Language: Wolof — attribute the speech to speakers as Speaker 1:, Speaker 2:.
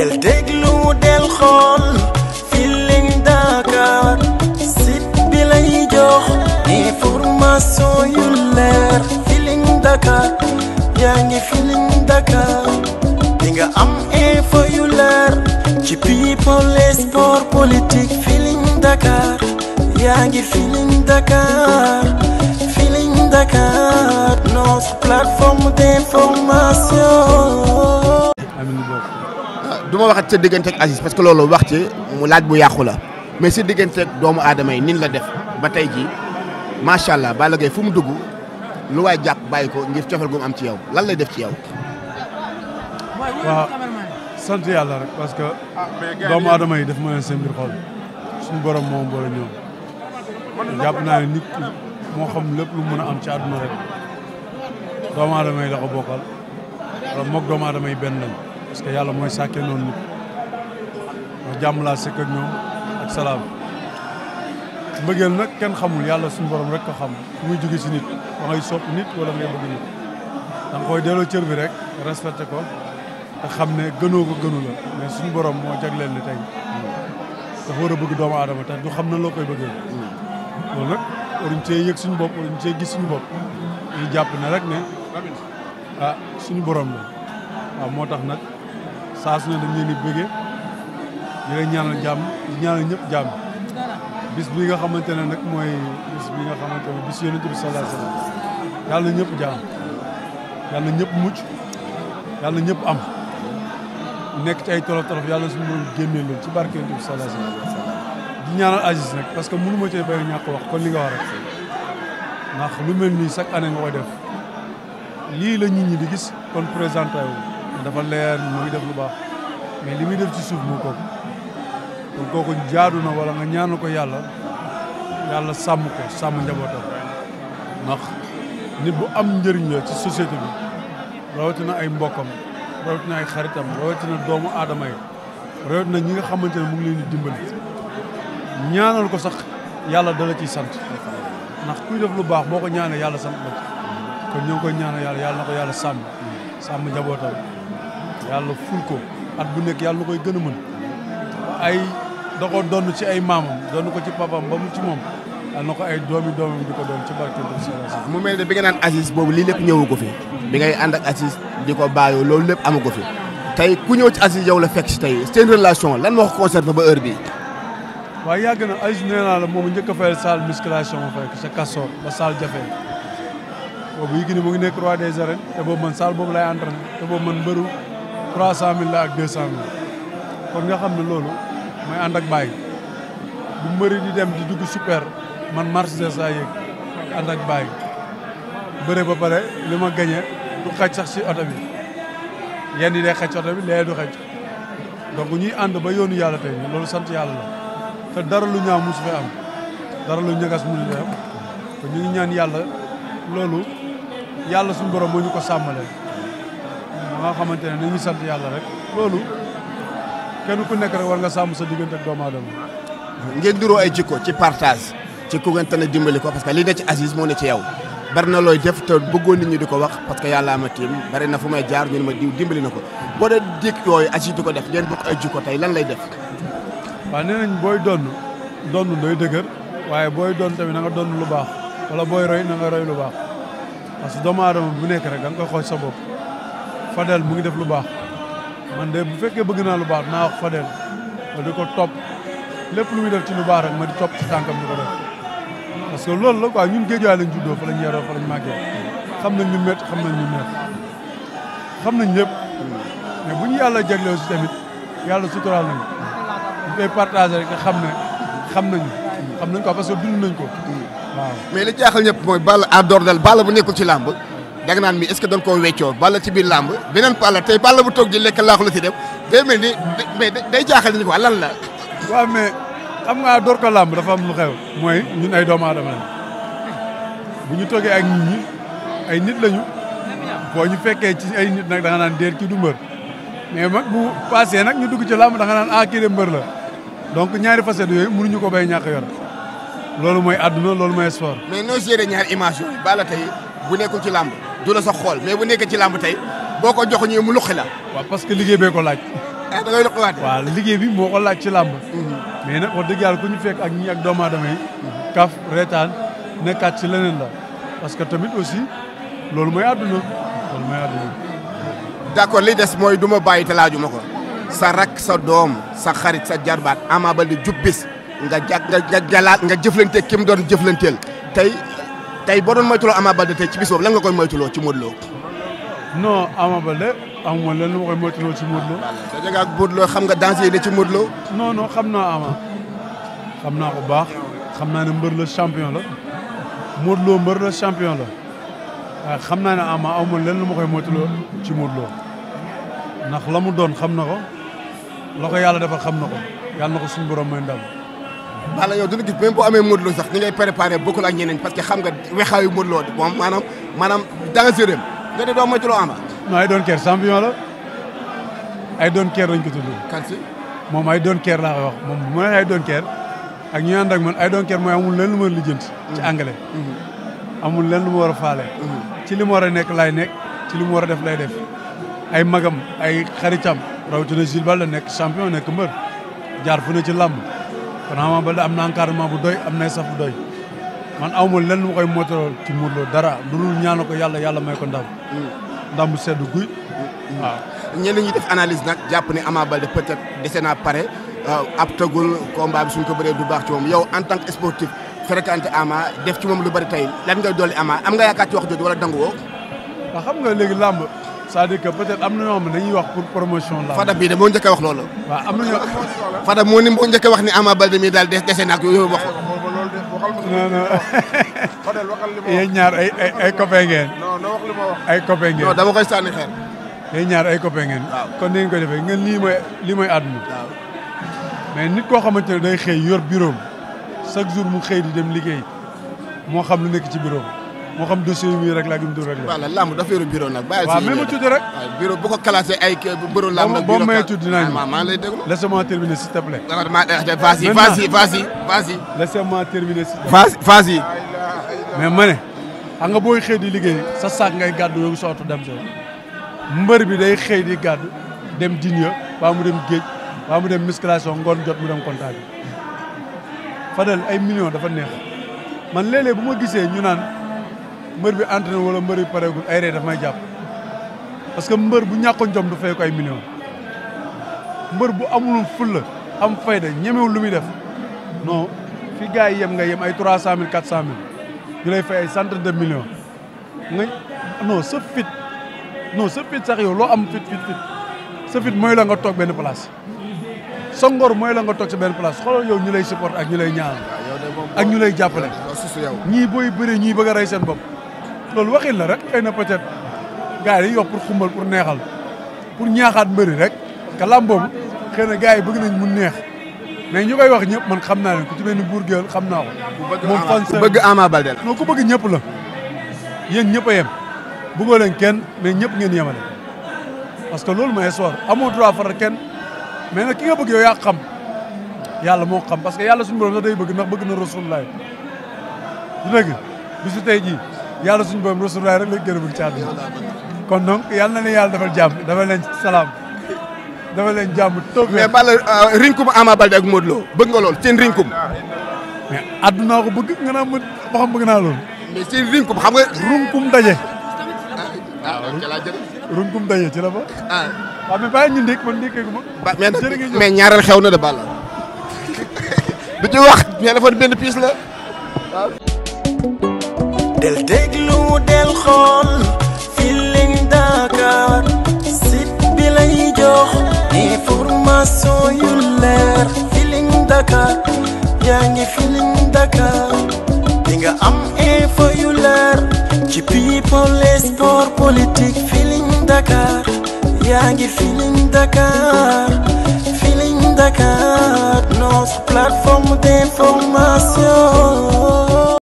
Speaker 1: del déglu del xool Feeling Dakar site bi lay jox information yu leer Feeling Dakar yaa ngi Feeling Dakar yu leer ci people et sport politique Feeling Dakar yaa ngi Feeling Dakar Feeling Dakar notre plateforme d'information. du ma waxat sa diggante ak Aziz parce que loolu wax ci mu laaj bu yàqu la mais sa diggante ak doomu aadama yi nin la def ba tey jii macha allah Balla fu mu dugg lu waaye jàpp bàyyi ko ngir cofeel gu mu am ci yow lan lay def ci yaw
Speaker 2: waaw sant yàlla rek parce que doomu adama yi daf ma leen seen mbir xol suñu borom moom boole ñoom jàpp naa ne nit moo xam lépp lu mun a am ci àdduna rek doomu aadama yi la bokkal wala moog doomu aadama yi benn lañ. parce yàlla mooy sàkkee noonu nit moo jàmm laa sëkk ak ak salaam mbëggeel nag kenn xamul yàlla suñu borom rek ko xam fu muy jóge si nit da ngay sopp nit wala ngay bëgg nit da nga koy delloo cër bi rek respecté ko te xam ne gënoo ko gënu la mais suñu borom moo jagleel ni tey dafa war a bëgg doomu aadama te du xam na loo koy bëggee loolu nag waruñ cee yëg suñu bopp waruñ cee gis suñu bopp ñu jàpp na rek ne ah suñu borom la waaw moo tax nag saa su ne dañ leen di bëggee di jàmm di ñëpp jàmm bis bi nga xamante ne nag mooy bis bi nga xamante ne bis yonent bi sallallahu alayhi wasallam na ñëpp jàmm yàlla na ñëpp mucc yàlla ñëpp am nekk ci ay tolof tolof yàlla suñu mën génnee leen ci barke yonent bi sallallahu alayhi wasallam di ñaanal Aziz nag que mënu ma cee bay ñàkk wax kon li nga war rek lu mel nii chaque année nga koy def lii la nit ñi di gis kon présenté wu dafa leer mu ngi def lu baax mais li muy def ci suuf moo kooku kon kooku jaadu na ñaanu ko yàlla yàlla sàmm sàmm njabootam ndax bu am njëriñ la ci société bi rawatina ay mbokkam rawatina ay xaritam rawatina doomu aadama yi rawatina ñi nga xamante mu ngi leen di dimbali ñaanal ko sax yàlla dala ciy sant ndax kuy def lu baax boo ko ñaanee yàlla sam la ci ñoo ngi koy ñaanal yàlla yàlla ko yàlla sàmm sàmm njabootam yàlla ful ko at bu nekk yàlla na koy gën a mën ay da donn ci ay maamam donn ko ci papam ba mu ci moom yàlla na ko ay doomi doomam di ko doon ci barke mu
Speaker 1: mel ne bi nga naan Aziz boobu lii lépp ñëwu ko fi bi ngay ànd ak Aziz di ko bàyyoo loolu lépp amu ko fi tey ku ñëw ci Aziz la fekk si tey seen relation lan moo ko concerné ba heure bi
Speaker 2: waaw yàgg na Aziz nee naa la moom njëkk a fayal salle musculation fekk sa Kastoor ba salle jafe boobu yi gi mu ngi nekk roi des arènes te boobu man salle boobu 300 000 la ak 200 000 kon nga xam ne loolu mooy ànd ak bàyyi bu mbëri di dem di dugg super man Mercedes saa yëg ànd ak bàyyi bëre ba bare li ma gañe du xaj sax si oto bi yenn yi de xaj oto bi lee du xaj donc ñuy ànd ba yoonu yàlla tey loolu sant yàlla la te dara lu ñaaw mosu fi am dara lu ñagas mënu fi ñu ngi ñaan yàlla loolu yàlla suñu borom moo ñu ko sàmmalee nga xamante ne dañuy sant yàlla rek loolu kenn ku nekk rek war nga sàmm sa diggante ak doomu aadama
Speaker 1: ngeen duroo ay jikko ci partage ci ku ngeen tane dimbali ko parce que li ne ci Aziz moo ne ci yow bari na looy def te bëggoon nit ñi di ko wax parce que yàlla ma tiim bari na fu may jaar ñu ne ma diw dimbali na ko boo dee dikk yooyu Aziz di def ngeen bokk ay jikko tey lan lay def
Speaker 2: waaw nee nañ booy donn donn doy dëgër waaye booy doon tamit na nga donn lu baax booy roy na nga roy lu que doomu aadama bu nekk rek da nga koy sa bopp Fadel mu ngi def lu baax man de bu fekkee bëgg naa lu baax naa wax Fadel ma di ko topp lépp lu muy def ci lu baax rek ma di topp ci di ko def parce que loolu la a ñun géejuwaay lañ juddoo fa lañ yaroo fa lañ màggee xam nañ ñu métti xam nañ ñu neex xam nañ lépp mais bu ñu yàlla jagleel si tamit yàlla suturaal nañu ñu koy partagé rek nga xam ne xam nañu xam nañ ko parce que dund nañ ko hmm. waaw mais li jaaxal ñëpp mooy bal a Dorel
Speaker 1: bala bu nekkul ci làmb da nga naan mi est-ce que doon koo weccoo balla ci biir lamb beneen palla tey palla bu toog di lekk
Speaker 2: laaxu la si def day mel ni mais day jaaxal ni ko lan la. waaw mais xam nga door ko dafa am lu xew. mooy ñun ay doomu aadama lañ bu ñu toogee ay nit ñi ay nit lañu boo ñu fekkee ci ay nit nag da nga naan déet kii du mbër mais mag bu passé nag ñu dugg ci làmb da nga naan ah kii de mbër la donc ñaari facettes yooyu mënuñu ko bay ñàkk yor loolu mooy àdduna loolu mooy sport.
Speaker 1: mais noo géré ñaari image yooyu Balla bu nekkul ci làmb. du la sax xool mais bu nekkee ci làmb tey boo ko jox ñëwee mu luqi la. waaw parce que
Speaker 2: liggéey bee ko laaj. ah da ngay luqiwaat. waaw liggéey bi moo ko laaj ci làmb. Mhm. mais na wax dëgg yàlla ku ñu fekk ak ñi ak doomu kaf reetaan nekkaat ci leneen la parce que tamit aussi loolu mooy àdduna loolu mooy àdduna. d'accord li des mooy du ma
Speaker 1: bàyyi te laaju ma ko. sa rak sa doom sa xarit sa jarbaat ba Baldé jubbis nga ja nga jalaat nga jëflante ki mu doon jëflanteel tey tey boo doon moytuloo Ama Baldé tey ci bis boobu lan nga koy moytuloo ci Modou Lo.
Speaker 2: non Ama Baldé amuma lan ma koy moytuloo ci Modou Lo. da nga ak xam nga danger yi de ci Modou xam naa Ama xam naa ko baax xam naa ne mbër la champion la Modou Lo mbër la la ah, xam naa ne Ama amuma lan ma koy moytuloo ci Modou Lo ndax la mu doon xam na ko la ko yàlla defal xam na ko yàlla na ko suñu borom mooy ndam.
Speaker 1: Balla yoo duñu gis même bu amee Modou sax ni ngay préparé bokkul a ñeneen parce que xam nga wexaayu Modou Lo di moom maanaam
Speaker 2: maanaam dangereux nga ne doo moytu loo ay doon keer champion la ay doon keer lañ ko tudd. kan moom ay doon keer laa koy wax moom bu ma doon keer ak ñi ànd ak man ay doon keer mooy amul lenn lu ma war a lijjanti. ci anglais. Mm-hmm. amul lenn lu ma war a faale. Mm-hmm. ci li mu war a nekk lay nekk ci li mu war a def lay def ay magam ay xaritam rawatina Jules la nekk champion nekk mbër jaar fu ne ci làmb. kon Ama Baldé am na encadrement bu doy am na saf bu doy man aw ma lenn moo koy moytaloo ci Modou Lo dara lu dul ñaanal ko yàlla yàlla may ko ndam. Mm. ndam bu sedd guy. Mm, mm, waaw ñenn ñi def
Speaker 1: analyse nag jàpp ne Ama Baldé peut-être dese naa pare euh, ab tagul combat bi suñ ko baree du baax ci moom yow en tant que sportif fréquenté Ama def ci moom lu bari tey lan nga dolli Ama am nga yaakaar ci wax jooju wala dangu woo. waaw xam nga léegi làmb. c'est-à-dire que am na ñoo xam ne dañuy wax pour promotion la Fadam bii de moo njëkk a wax loolu. am
Speaker 2: na
Speaker 1: ñoo moo njëkk a wax ni Ama Baldé mii daal dese
Speaker 2: na ak yooyu wax. non non yéen ñaar ay ay ay copain ngeen. non ay copain ngeen ñaar ay copain ngeen. waaw kon ni ngeen ko defee ngeen lii mooy lii mooy àdduna. mais nit koo xamante ne day xëy yor bureau chaque jour mu xëy di dem liggéey moo xam lu nekk ci bureau moo xam dossier bi rek la ak yu mu dul rek la. voilà lamb dafa rek. waaw bureau bu ko ay bureau
Speaker 1: lamb nag. bureau boo may tudd naa ñu ah, waaw maa ngi lay déglu. laissez-moi eh, terminer s'il te plaît. vas-y vas
Speaker 2: mais ma xam nga booy xëy di liggéey sa saak ngay gàddu yow sootu dem sa mbër bi day xëy di gàddu dem dinya baa mu dem géej baa mu dem musculation ngoon jot mu dem contact bi ay million dafa neex man léeg bu ma gisee ñu naan mbër bi entraîné wala mbër bi pareegul ay ree daf may jàpp parce que mbër bu ñàkkoon jom du fay ko ay millions mbër bu amulul fulla am de ñemewul lu muy def non fi gars yem nga yem ay trois cent mille quatre cent mille ñu lay fay ay centaine de millions nga non noo fit non sax yow loo am fit fit fit mooy la nga toog benn place sa ngor mooy la nga toog sa benn place xoolal yow ñu lay support ak ñu lay ñaan ak ñu lay jàppale ñii booy bëri ñii ba a rey seen bopp loolu waxin la rek xëy na peut-être gars yi dañuy wax neexal pour ñaaxaat mbëri rek ka làmb boobu xëy na yi bëgg nañ mu neex mais ñu koy wax ñëpp man xam naa leen ku ci mel ni Bour Gueweul xam naa ko. moom fan bëgg Ama Baldé la. non ku bëgg ñëpp la yéen ñëpp yem bëggoo leen kenn mais ñëpp ngeen yemale parce que loolu mooy sport amoo droit faral kenn mais nag ki nga bëgg yow xam yàlla moo xam parce que yàlla suñu borom sax day bëgg ndax bëgg na Rasulullah du dëgg yàlla suñu borom Rasulullah rek lañ gën a bëgg ci àdduna kon donc yal na leen yàlla dafal jàmm defal leen salaam defal leen jàmm toog mais Balla euh, rinkum Ama Baldé ak Modou bëgg nga lool seen rinkum mais àdduna ko bëgg nga naa ma ba bëgg na lool mais seen rinkum xam nga runkum daje ah runkum daje ci la ba ah waaw mais bàyyi ñu ndékk man ñaareel xew
Speaker 1: na de Balla du ci wax mais dafa benn piis la del déglu del xool Feeling Dakar site bi lay jox yu leer Feeling Dakar yaa ngi Feeling Dakar nga am info yu leer ci people sport politique Feeling Dakar yaa ngi Feeling Dakar